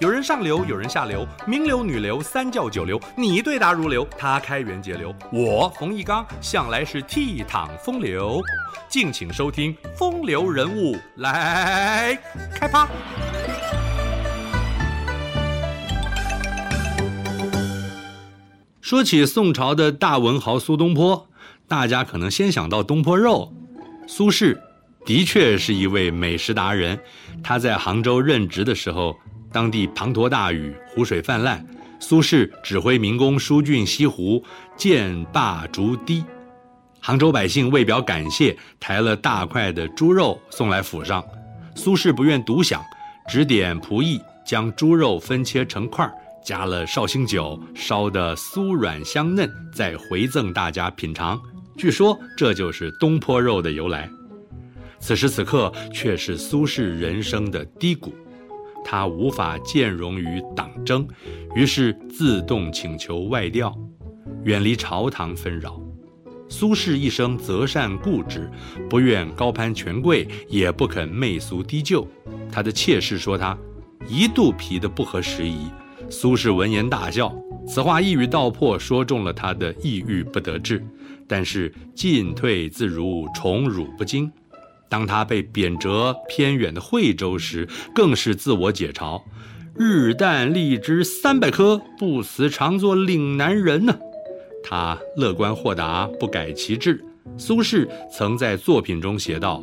有人上流，有人下流，名流、女流、三教九流，你對答如流，他開源節流。我馮翊綱向來是倜儻風流，敬請收聽《風流人物》來開趴。說起宋朝的大文豪蘇東坡，大家可能先想到東坡肉。蘇軾的確是一位美食達人，他在杭州任職的時候，當地滂沱大雨，湖水氾濫。蘇軾指揮民工疏浚西湖，建壩築堤。杭州百姓為表感謝，抬了大塊的豬肉送來府上。蘇軾不願獨享，指點僕役將豬肉分切成塊，加了紹興酒，燒得酥軟香嫩，再回贈大家品嘗。據說這就是東坡肉的由來。此時此刻，卻是蘇軾人生的低谷。他無法見容於黨爭，於是自動請求外調，遠離朝堂紛擾。蘇軾一生擇善固執，不願高攀權貴，也不肯媚俗低就。他的妾室說他一肚皮的不合時宜。蘇軾聞言大笑，此話一語道破，說中了他的抑鬱不得志。但是進退自如，寵辱不驚。當他被貶謫偏遠的惠州時，更是自我解嘲：“日啖荔枝三百顆，不辭長作嶺南人。”吶。他樂觀豁達，不改其志。蘇軾曾在作品中寫道：“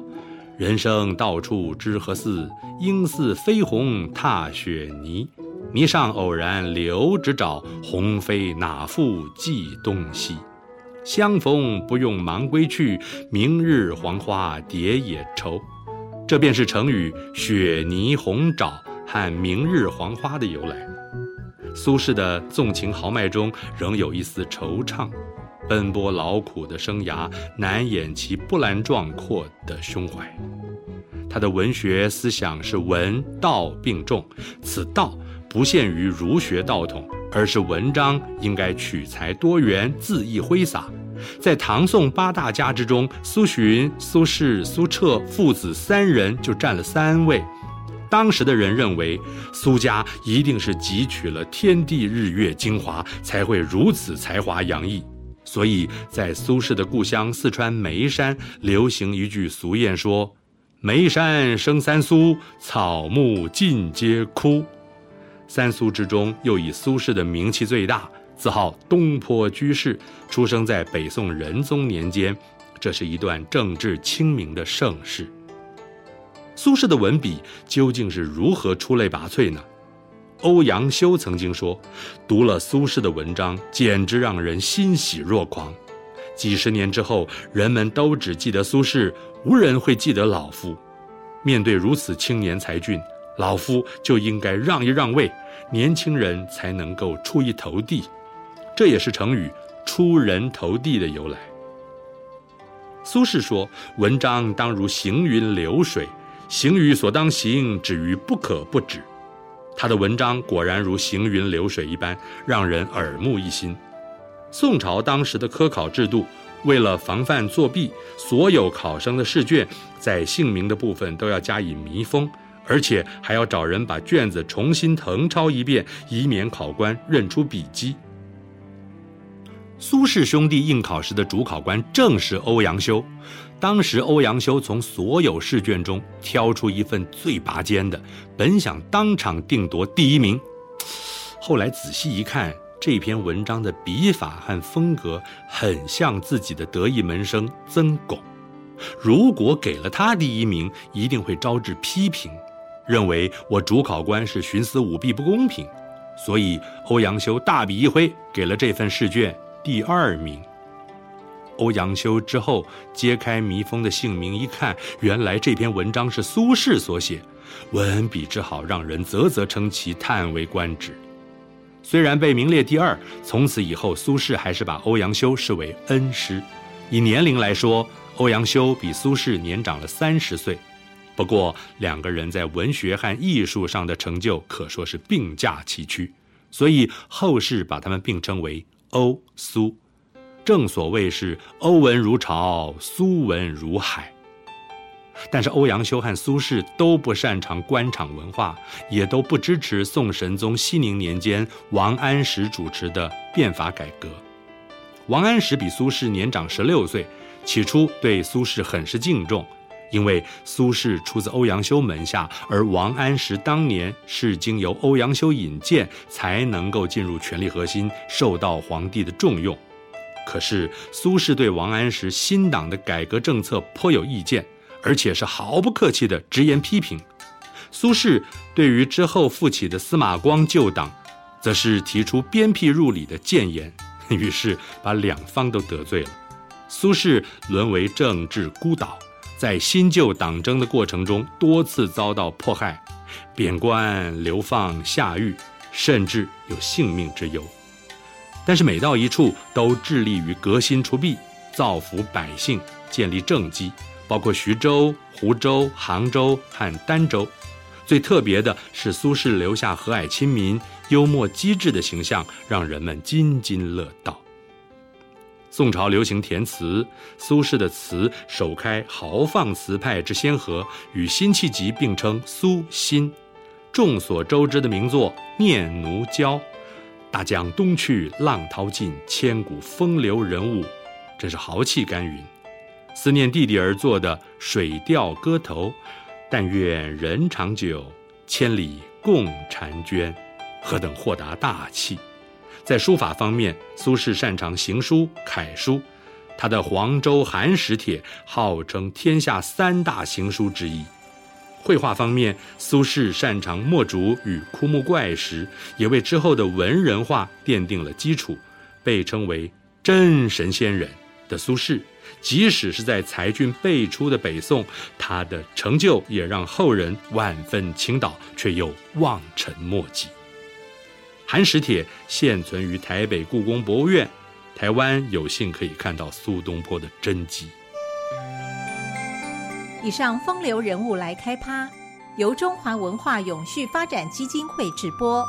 人生到處知何似？應似飛鴻踏雪泥。泥上偶然留指爪，鴻飛哪復計東西。”相逢不用忙歸去，明日黃花蝶也愁。這便是成語“雪泥鴻爪”和“明日黃花”的由來。蘇軾的縱情豪邁中，仍有一絲惆悵。奔波勞苦的生涯，難掩其波瀾壯闊的胸懷。他的文學思想是文道並重，此道不限於儒學道統。而是文章應該取材多元，恣意揮灑。在唐宋八大家之中，蘇洵、蘇軾、蘇轍父子三人就占了三位。當時的人認為，蘇家一定是汲取了天地日月精華，才會如此才華洋溢。所以在蘇軾的故鄉四川眉山，流行一句俗諺說：“眉山生三蘇，草木盡皆枯。”三蘇之中，又以蘇軾的名氣最大，自號東坡居士，出生在北宋仁宗年間。這是一段政治清明的盛世。蘇軾的文筆究竟是如何出類拔萃呢？歐陽修曾經說：“讀了蘇軾的文章，簡直讓人欣喜若狂。”幾十年之後，人們都只記得蘇軾，無人會記得老夫。面對如此青年才俊，老夫就應該讓一讓位，年輕人才能夠出一頭地，這也是成語“出人頭地”的由來。蘇軾說：“文章當如行雲流水，行於所當行，止於不可不止。”他的文章果然如行雲流水一般，讓人耳目一新。宋朝當時的科考制度，為了防範作弊，所有考生的試卷在姓名的部分都要加以密封。而且還要找人把卷子重新謄抄一遍，以免考官認出筆跡。蘇軾兄弟應考時的主考官正是歐陽修，當時歐陽修從所有試卷中挑出一份最拔尖的，本想當場定奪第一名，後來仔細一看，這篇文章的筆法和風格很像自己的得意門生曾鞏，如果給了他第一名，一定會招致批評。認為我主考官是徇私舞弊，不公平，所以歐陽修大筆一揮，給了這份試卷第二名。歐陽修之後揭開彌封的姓名一看，原來這篇文章是蘇軾所寫，文筆之好，讓人嘖嘖稱奇，嘆為觀止。雖然被名列第二，從此以後蘇軾還是把歐陽修視為恩師。以年齡來說，歐陽修比蘇軾年長了三十歲。不過，兩個人在文學和藝術上的成就可說是並駕齊驅，所以後世把他們並稱為“歐蘇”。正所謂是“歐文如潮，蘇文如海”。但是，歐陽修和蘇軾都不擅長官場文化，也都不支持宋神宗熙寧年間王安石主持的變法改革。王安石比蘇軾年長十六歲，起初對蘇軾很是敬重。因為蘇軾出自歐陽修門下，而王安石當年是經由歐陽修引薦，才能夠進入權力核心，受到皇帝的重用。可是蘇軾對王安石新黨的改革政策頗有意見，而且是毫不客氣地直言批評。蘇軾對於之後復起的司馬光舊黨，則是提出鞭辟入裡的諫言，於是把兩方都得罪了，蘇軾淪為政治孤島。在新舊黨爭的過程中，多次遭到迫害，貶官、流放、下獄，甚至有性命之憂。但是每到一處，都致力於革新除弊，造福百姓，建立政績。包括徐州、湖州、杭州和儋州。最特別的是，蘇軾留下和藹親民、幽默機智的形象，讓人們津津樂道。宋朝流行填詞，蘇軾的詞首開豪放詞派之先河，與辛棄疾並稱蘇辛。眾所周知的名作《念奴嬌》，大江東去，浪淘盡，千古風流人物，真是豪氣干雲。思念弟弟而作的《水調歌頭》，但願人長久，千里共嬋娟，何等豁達大氣。在書法方面，蘇軾擅長行書、楷書，他的《黃州寒食帖》號稱天下三大行書之一。繪畫方面，蘇軾擅長墨竹與枯木怪石，也為之後的文人畫奠定了基礎。被稱為“真神仙人”的蘇軾，即使是在才俊輩出的北宋，他的成就也讓後人萬分傾倒，卻又望塵莫及。《寒食帖》現存於台北故宮博物院，台灣有幸可以看到蘇東坡的真跡。以上風流人物來開趴，由中華文化永續發展基金會直播。